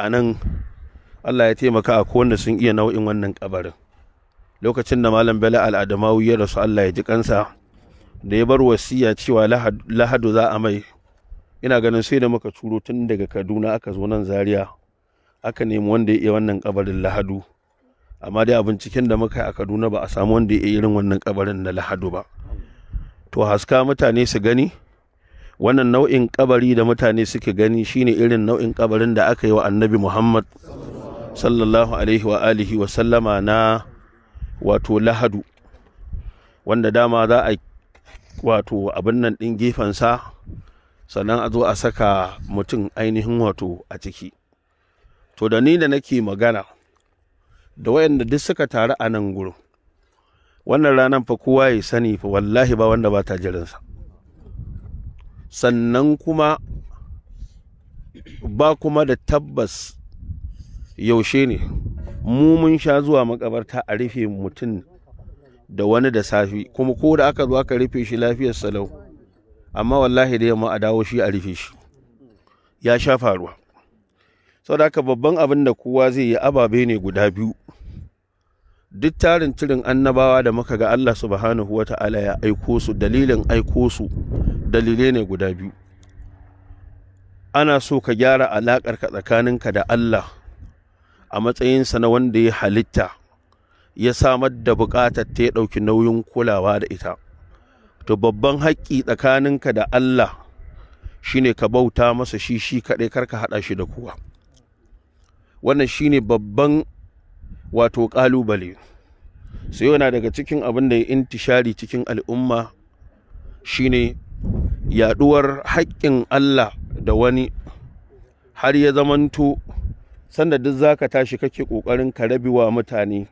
a nan Allah ya taimaka a kowanne sun iya nau'in wannan kabarin lokacin da malam bala al'adamawu ya rasu Allah ya ji kansa da ya bar wasiya cewa lahadu za a mai ina ganin sai da muka turo tun daga kaduna aka zo nan zaria aka nemi wanda ya iya wannan kabarin lahadu amma dai a binciken da muka yi a kaduna ba a samu wanda ya iya irin wannan kabarin na lahadu ba to haska mutane su gani wannan nau'in kabari da mutane suke gani shine irin nau'in kabarin da aka yi wa annabi muhammad sallallahu alaihi wa alihi wa sallama na wato lahadu wanda dama za a wato abin nan din gefensa sannan a zo a saka mutum ainihin wato a ciki to da ni da nake magana da wayanda duk suka taru a nan gurin wannan ranar fa kowa ya sani fa wallahi ba wanda ba ta jiransa sannan kuma ba kuma da tabbas yaushe ne mu mun sha zuwa makabarta a rufe mutum da wani da safi kuma ko da aka zo aka rufe shi lafiyar salau amma wallahi da yamma a dawo shi a rufe shi ya sha faruwa da haka babban abin da kowa zai yi ababe ne guda biyu duk tarin cirin annabawa da muka ga Allah subhanahu wa ta'ala ya aiko su dalilin aiko su dalilai ne guda biyu ana so ka gyara alaƙar ka tsakaninka da Allah a matsayinsa na wanda ya halitta ya samar da buƙatar ta ya ɗauki nauyin kulawa da ita to babban haƙƙi tsakaninka da Allah shine ka bauta masa shi shi kaɗai ka haɗa shi da kowa wannan shine babban wato ƙalubale sai yana daga cikin abin da ya intishari cikin al'umma shine yaɗuwar haƙƙin Allah da wani har ya zamanto sanda duk zaka tashi kake ƙoƙarin ka rabewa mutane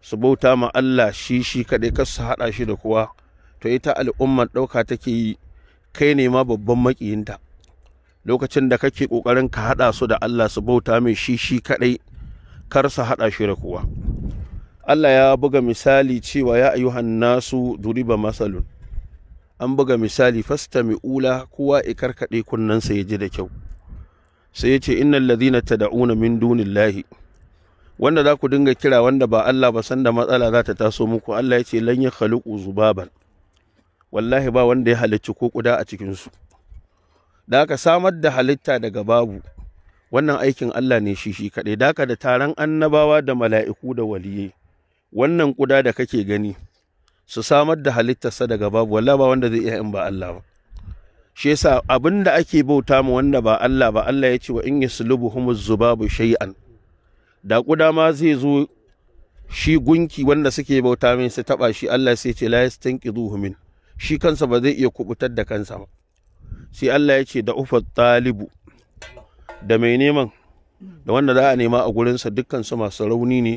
su bauta ma Allah shi shi kaɗai kar su haɗa shi da kowa to ita al'ummar ɗauka take yi kai ne ma babban maƙiyinta lokacin da kake ƙoƙarin ka haɗa su da Allah su bauta mai shi shi kaɗai kar sa haɗa shi da kowa Allah ya buga misali cewa ya ayyuhan nasu duriba masalun an buga misali fasta mai ula kowa i karkaɗe kunnensa ya ji da kyau sai ya ce innal ladina tad'una min dunillahi wanda za ku dinga kira wanda ba Allah ba san da matsala za ta taso muku Allah ya ce lan ya khaluqu zubaban wallahi ba wanda ya halicci ko kuda a cikin su da aka samar da halitta daga babu wannan aikin Allah ne shi shi kaɗai daka da taron annabawa da mala'iku da waliye. wannan kuda da kake gani su samar da halittarsa daga babu wallah ba wanda zai iya in ba Allah ba shi yasa abin da ake bauta ma wanda ba Allah ba Allah ya ce wa in zubabu shay'an da kuda ma zai zo shi gunki wanda suke bauta min su taba shi Allah sai ce la yastanqidhuhu min shi kansa ba zai iya kubutar da kansa ba sai Allah ya ce da ufa talibu da mai neman da wanda za a nema a gurinsa dukkan su masu rauni ne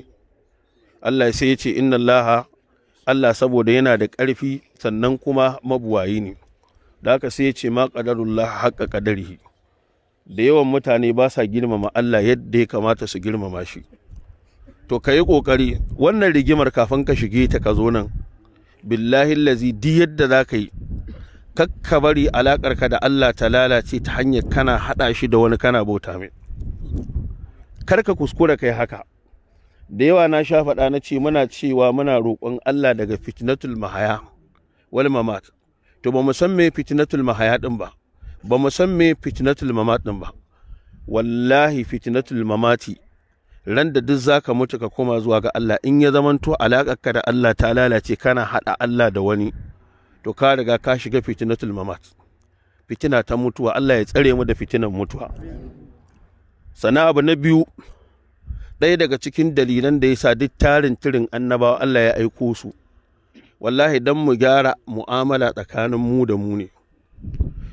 Allah sai ya ce inna laha Allah saboda yana da ƙarfi sannan kuma mabuwayi ne da haka sai ya ce ma qadarullah haƙa qadarihi da yawan mutane ba sa girmama Allah yadda ya kamata su girmama shi to ka yi ƙoƙari wannan rigimar kafin ka shige ta ka zo nan billahi lazi di yadda za ka yi kakka bari alaƙarka da Allah ta lalace ta hanyar kana haɗa shi da wani kana bauta mai karka kuskura kai haka da yawa na sha faɗa na ce muna cewa muna roƙon Allah daga fitnatul mahaya wal mamat to ba mu san me fitnatul mahaya din ba ba mu san me fitnatul mamat din ba wallahi fitnatul mamati ran da duk zaka mutu ka koma zuwa ga Allah in ya zamanto alaƙarka da Allah ta lalace kana haɗa Allah da wani to ka riga ka shiga fitinatul mamat fitina ta mutuwa Allah ya tsare mu da fitinan mutuwa sana abu na biyu ɗaya daga cikin dalilan da ya sa duk tarin tirin annabawa Allah ya aiko su wallahi dan mu gyara mu'amala tsakanin mu da mu ne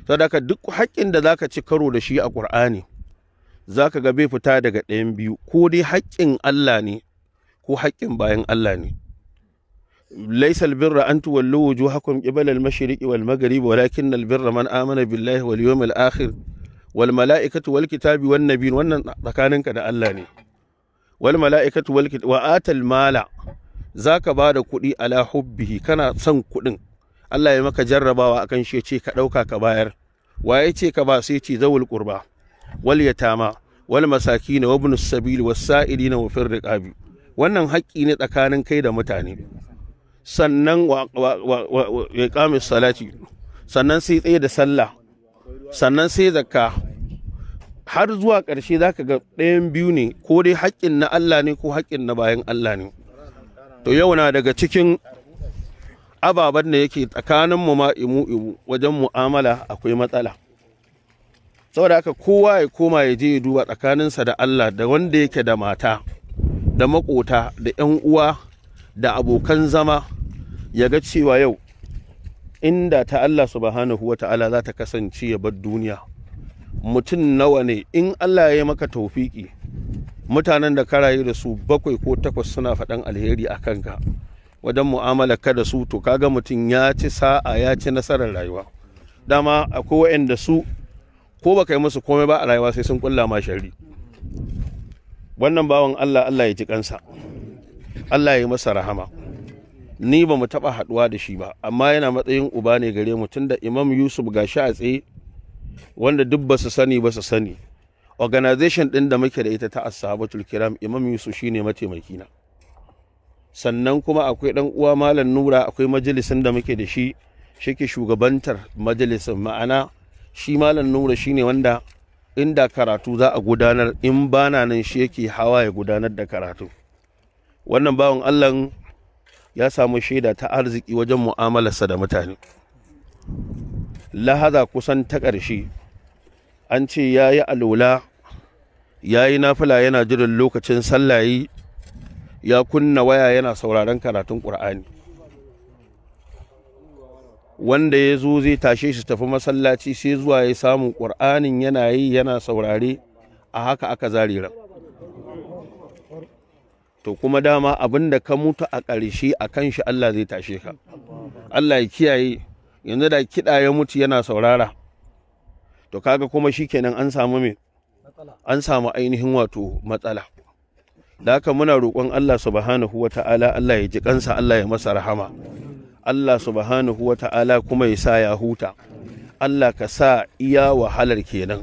sadaka duk haƙƙin da zaka ci karo da shi a Qur'ani zaka ga bai fita daga ɗayan biyu ko dai haƙƙin Allah ne ko haƙƙin bayan Allah ne ليس البر أن تولوا وجوهكم قبل المشرق والمغرب ولكن البر من آمن بالله واليوم الآخر والملائكة والكتاب والنبيين wannan tsakaninka da Allah ne wal mala'ikatu wal wa atal mala zaka bada kuɗi ala hubbihi kana son kuɗin Allah ya maka jarrabawa akan shi ce ka ɗauka ka bayar waye ce ka ba sai ce zawul qurba wal yatama wal masakin wa ibn as wa wannan haƙƙi ne tsakanin kai da mutane sannan ya iqami salati sannan sai tsaye da sallah sannan sai zakka har zuwa ƙarshe za ka ga ɗayan biyu ne ko dai haƙƙin na Allah ne ko haƙƙin na bayan Allah ne to yau na daga cikin ababen da yake tsakanin mu ma imu imu wajen mu'amala akwai matsala saboda haka kowa ya koma ya je ya duba tsakaninsa da Allah da wanda yake da mata da makota da 'yan uwa da abokan zama ya ga cewa yau inda ta Allah subhanahu wa ta'ala za ta kasance ya bar duniya mutum nawa ne in Allah ya yi maka taufiki mutanen da karaye da su bakwai ko takwas suna faɗan alheri a kanka wajen mu'amala ka da su to kaga mutum ya ci sa'a ya ci nasarar rayuwa dama akwai waɗanda su ko baka yi musu komai ba a rayuwa sai sun kulla ma shari wannan bawan Allah Allah ya ji kansa Allah ya masa rahama ni ba mu taɓa haɗuwa da shi ba amma yana matsayin uba ne gare mu tunda imam yusuf gashi a tsaye wanda duk ba su sani ba su sani organization ɗin da muke da ita ta ashabatul kiram imam yusuf shine mataimaki na sannan kuma akwai ɗan uwa malam nura akwai majalisin da muke da shi shike shugabantar majalisin ma'ana shi malam nura shine wanda inda karatu za a gudanar in bana nan shi yake hawa ya gudanar da karatu wannan bawan allah ya samu shaida ta arziki wajen mu'amalarsa da mutane lahaza kusan ta ƙarshe an ce ya yi alola ya yi nafila yana jirin lokacin sallayi ya kunna waya yana sauraron karatun ƙur'ani wanda ya zo zai tashe shi tafi masallaci sai zuwa ya samu ƙur'anin yana yi yana saurare a haka aka zariran to kuma dama abin da ka mutu a ƙarshe a kan shi Allah zai tashe ka Allah ya kiyaye yanzu da kiɗa ya mutu yana saurara to kaga kuma shi an samu me an samu ainihin wato matsala da haka muna roƙon Allah subhanahu wa ta'ala Allah ya ji kansa Allah ya masa rahama Allah subhanahu wa ta'ala kuma ya sa ya huta Allah ka sa iya wahalar kenan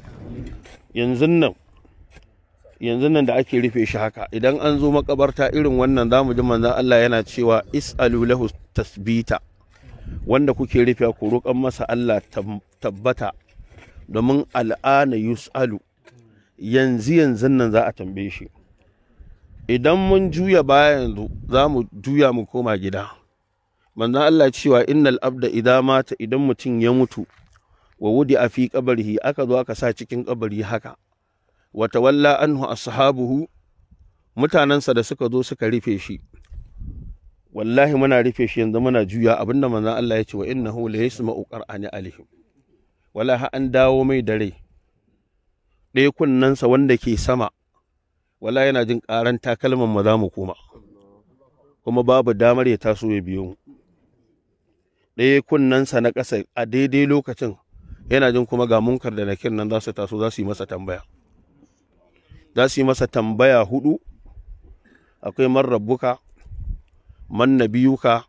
yanzu nan yanzu nan da ake rufe shi haka idan an zo makabarta irin wannan zamu ji manzan Allah yana cewa is'alu lahu tasbita wanda kuke rufe ku roƙan masa Allah tabbata domin al'ana yus'alu yanzu yanzu nan za a tambaye shi idan mun juya baya yanzu za mu juya mu koma gida manzan Allah cewa innal abda idan mata idan mutum ya mutu wa wudi a fi kabari aka zo aka sa cikin kabari haka walla tawalla anhu ashabuhu mutanansa da suka zo suka rufe shi wallahi muna rufe shi yanzu muna juya abinda manzon Allah ya ce wa innahu la yasma'u qur'ani alihim wala an dawo mai dare ɗaya kunnensa wanda ke sama wala yana jin ƙaran takalman za mu koma kuma babu damar ya taso ya biyo mu ɗaya kunnensa na ƙasa a daidai lokacin yana jin kuma ga munkar da nakin nan za su taso za su yi masa tambaya za su yi masa tambaya hudu akwai man rabbuka man nabiyuka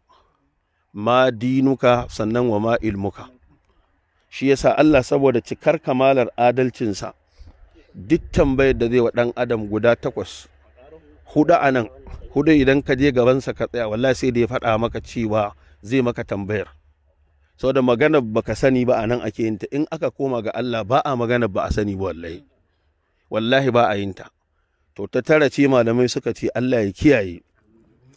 ma dinuka sannan wa ma ilmuka shi yasa Allah saboda cikar kamalar adalcinsa duk tambayar da zai wa ɗan adam guda takwas hudu a nan hudu idan ka je gabansa ka tsaya wallahi sai da ya faɗa maka cewa zai maka tambayar saboda ba ka sani ba a nan ake yinta in aka koma ga Allah ba a magana ba a sani ba wallahi wallahi ba a yin ta to ta tara ce malamai suka ce Allah ya kiyaye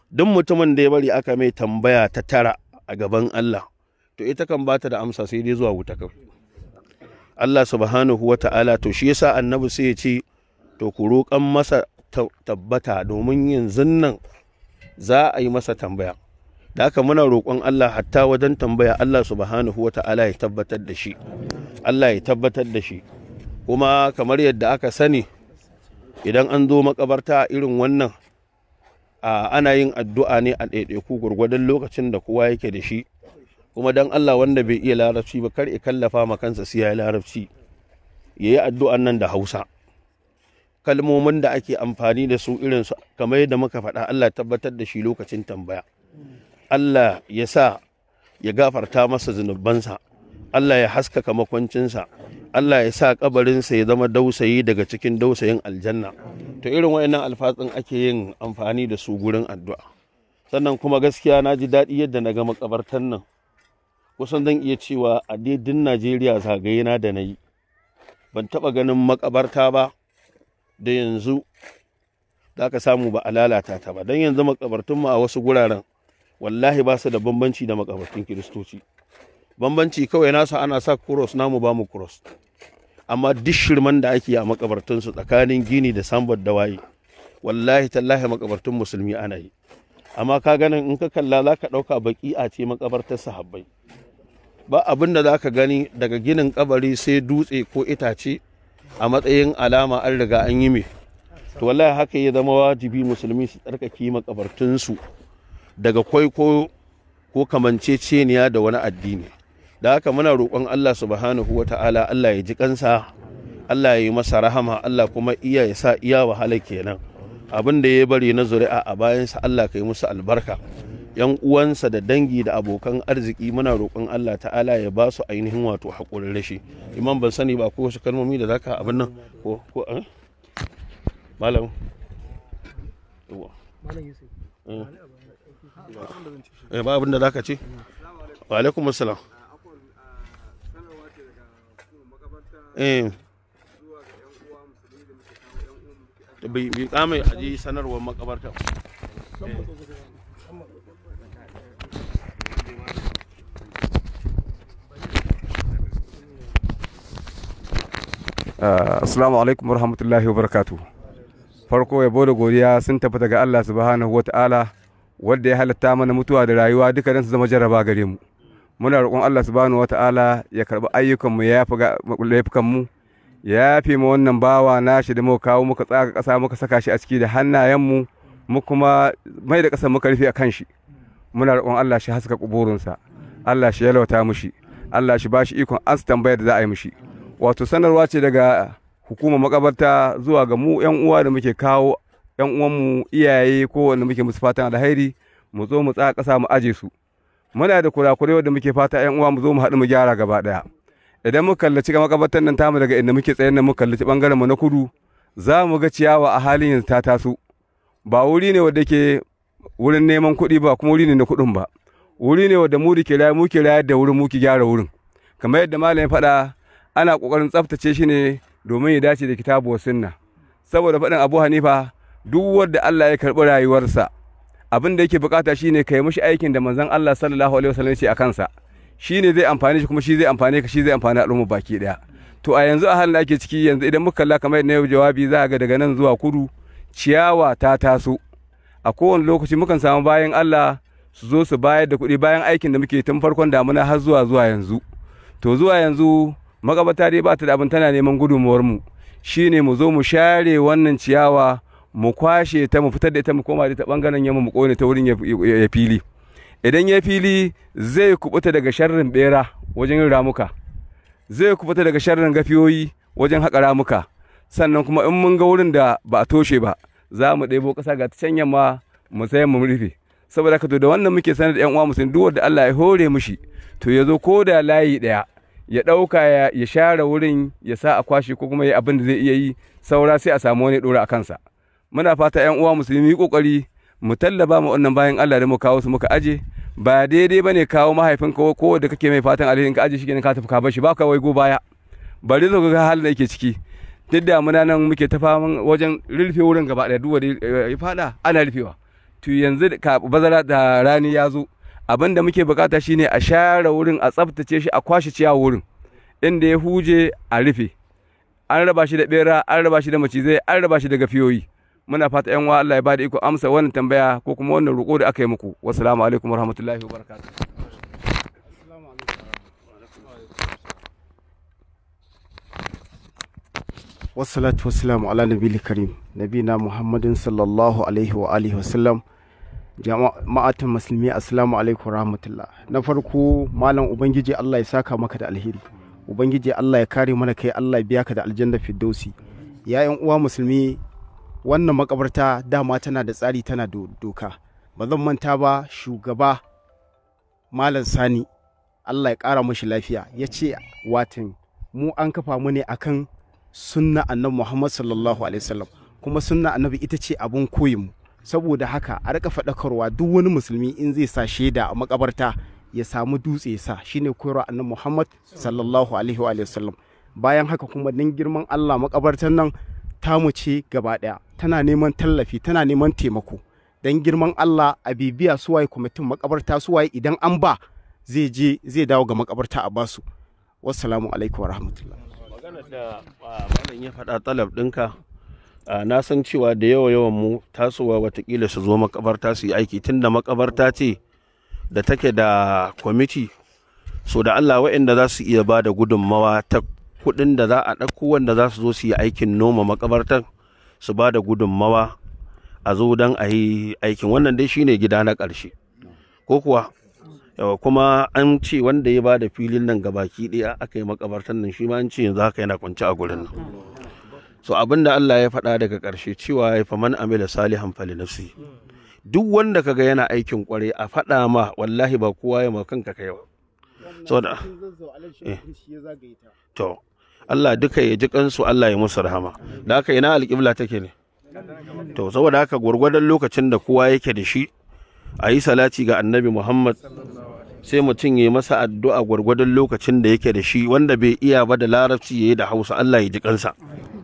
duk mutumin da ya bari aka mai tambaya ta tara a gaban Allah to ita kan bata da amsa sai dai zuwa wuta kawai Allah subhanahu wa ta'ala to shi yasa annabi sai ya ce to ku roƙan masa tabbata domin yanzu nan za a yi masa tambaya da haka muna roƙon Allah hatta wajen tambaya Allah subhanahu wa ta'ala ya tabbatar da shi Allah ya tabbatar da shi kuma kamar yadda aka sani idan an zo makabarta irin wannan ana yin addu'a ne a ɗaiɗaiku gwargwadon lokacin da kowa yake da shi kuma don Allah wanda bai iya larabci ba kar ya kallafa ma kansa siya larabci ya yi addu'an nan da hausa kalmomin da ake amfani da su irin su kamar yadda muka faɗa Allah tabbatar da shi lokacin tambaya Allah ya sa ya gafarta masa zunubansa Allah ya haskaka makwancinsa Allah ya sa kabarinsa ya zama dausayi daga cikin dausayin aljanna to irin wayannan alfatsin ake yin amfani da su gurin addu'a sannan kuma gaskiya na ji daɗi yadda na ga makabartan nan kusan zan iya cewa a daidin Najeriya zagaye na da na yi ban taɓa ganin makabarta ba da yanzu za ka samu ba a lalata ta ba don yanzu makabartunmu a wasu guraren wallahi ba su da bambanci da makabartun kiristoci bambanci kawai nasa ana sa cross namu ba mu cross amma duk shirman da ake a makabartunsu tsakanin gini da sambar da waye wallahi tallahi makabartun musulmi ana yi amma ka ganin in ka kalla za ka ɗauka baki a ce makabartar sahabbai ba abin da za ka gani daga ginin kabari sai dutse ko itace a matsayin alama an riga an yi mai to wallahi haka ya zama wajibi musulmi su tsarkake su daga kwaikwayo ko kamanceceniya da wani addini da haka muna roƙon Allah subhanahu wa ta'ala Allah ya ji kansa Allah ya yi masa rahama Allah kuma iya ya sa iya wahala kenan abin da ya bari na zuri'a a bayansa Allah ka yi musu albarka yan uwansa da dangi da abokan arziki muna roƙon Allah ta'ala ya ba su ainihin wato haƙurin rashi imam ban sani ba ko wasu kalmomi da zaka abin nan ko ko eh? malam eh. Eh, ba abin da zaka ce wa alaikum assalam Eh. bai kama a ji sanarwar makabarta eh, Assalamu alaikum warahmatullahi farko yabo da godiya sun tafi daga Allah subhanahu wa ta'ala wadda ya halatta mana mutuwa da rayuwa duka don su zama jarraba gare mu muna roƙon Allah subhanahu wata'ala ya karɓi ayyukan mu ya yafi laifukan mu ya fi mu wannan bawa nashi da muka kawo muka tsaka ƙasa muka saka shi a ciki da hannayen mu mu kuma mai da ƙasar muka rufe a kan shi muna roƙon Allah shi haska kuburinsa Allah shi yalwata mushi Allah shi bashi ikon an tambayar da za a yi mushi wato sanarwa ce daga hukumar makabarta zuwa ga mu yan uwa da muke kawo yan mu iyaye ko wanda muke musu fatan alheri mu zo mu tsaka ƙasa mu aje su muna da kurakurai wanda muke fata ƴan uwa mu zo mu haɗu mu gyara gaba ɗaya idan muka kallaci makabartar nan tamu daga inda muke tsayen nan muka kallaci bangaren mu na kudu za mu ga ciyawa a halin yanzu ta taso ba wuri ne wanda ke wurin neman kuɗi ba kuma wuri ne na kuɗin ba wuri ne wanda mu da ke rayu muke rayar da wurin muke gyara wurin kamar yadda malam faɗa ana ƙoƙarin tsaftace shi ne domin ya dace da kitabu wa sunna saboda faɗin abu hanifa duk wanda Allah ya karɓi rayuwarsa abin da yake bukata shine ka yi mishi aikin da manzon Allah sallallahu alaihi wasallam ce a kansa shine zai amfane shi kuma shi zai amfane ka shi zai amfane al'umma baki daya to a yanzu a halin da ake ciki yanzu idan muka kalla kamar yadda yau jawabi za ga daga nan zuwa kudu ciyawa ta taso a kowane lokaci mukan samu bayan Allah su zo su bayar da kuɗi bayan aikin da muke tun farkon damuna har zuwa zuwa yanzu to zuwa yanzu magabata dai ba ta da abin tana neman gudunmuwar mu shine mu zo mu share wannan ciyawa mu kwashe ta mu fitar da ita mu koma da ta bangaren yamma mu kone ta wurin ya fili idan ya fili zai kubuta daga sharrin bera wajen yin ramuka zai kubuta daga sharrin gafiyoyi wajen haƙa ramuka sannan kuma in mun ga wurin da ba a toshe ba za mu ɗebo ƙasa ga can yamma mu sayan mu rufe saboda ka to da wannan muke sanar da yan uwa musulmi duk wanda Allah ya hore mushi to ya zo ko da layi ɗaya ya ɗauka ya share wurin ya sa a kwashe ko kuma ya abin da zai iya yi saura sai a samu wani ɗora a kansa muna fata yan uwa musulmi kokari mu tallaba mu wannan bayan Allah da mu kawo su muka aje ba daidai bane kawo mahaifinka ko da kake mai fatan alheri ka aje shi ka tafi ka bar shi ba ka go baya bari zo ga halin da yake ciki duk da muna nan muke ta faman wajen rufe wurin gaba da duwa ya fada ana rufewa to yanzu ka bazara da rani ya zo abin da muke bukata shine a share wurin a tsaftace shi a kwashe ciya wurin inda ya huje a rufe an raba shi da bera an raba shi da macizai an raba shi da gafiyoyi muna fata yan wa Allah ya bada iko amsa wannan tambaya ko kuma wannan roƙo da aka yi muku wassalamu alaikum warahmatullahi wabarakatuh wassalatu wassalamu ala nabiyil karim nabina muhammadin sallallahu alaihi wa alihi wasallam jama'atin musulmi assalamu alaikum rahmatullah na farko malam ubangiji Allah ya saka maka da alheri ubangiji Allah ya kare mana kai Allah ya biya ka da aljanna Fiddausi yayan uwa musulmi wannan makabarta dama tana da tsari tana da doka ba zan manta ba shugaba malam sani allah ya ƙara mashi lafiya ya ce watan mu an kafa mu ne akan sunna annabi muhammad sallallahu alaihi wasallam kuma sunna annabi ita ce abun koyinmu saboda haka a rika faɗakarwa duk wani musulmi in zai sa shaida a makabarta ya samu dutse ya sa shine koyarwa annabi muhammad sallallahu alaihi wasallam bayan haka kuma dan girman allah makabartar nan tamu ce gaba ɗaya tana neman tallafi tana neman taimako don girman Allah a bibiya waye kwamitin makabarta waye idan an ba zai je zai dawo ga makabarta a basu wassalamu alaikum wa rahmatullah magana da ah, ya faɗa talab ɗinka ah, na san cewa da yawa yawan mu tasowa watakila su zo makabarta su yi aiki tunda makabarta ce da take da kwamiti so da Allah waɗanda za su iya ba da gudunmawa ta kuɗin da za a ɗauko wanda za su zo su yi aikin noma makabartar su ba da gudunmawa a zo don a yi aikin wannan dai shine gida na ƙarshe ko kuwa yawa kuma an ce wanda ya ba da filin nan gabaki ɗaya aka yi makabartar nan shi ma an ce yanzu haka yana kwanci a gurin nan so abin da Allah ya faɗa daga ƙarshe cewa ya fa man amila salihan fali nafsi duk wanda ga yana aikin kwarai a faɗa ma wallahi ba kowa ya ma kanka kai ba Allah duka ya ji kansu Allah ya musu rahama da haka ina alƙibla take ne to saboda haka gwargwadon lokacin da kowa yake da shi a yi salati ga annabi Muhammad sai mutum ya masa addu'a gwargwadon lokacin da yake da shi wanda bai iya ba da larabci ya yi da hausa Allah ya ji kansa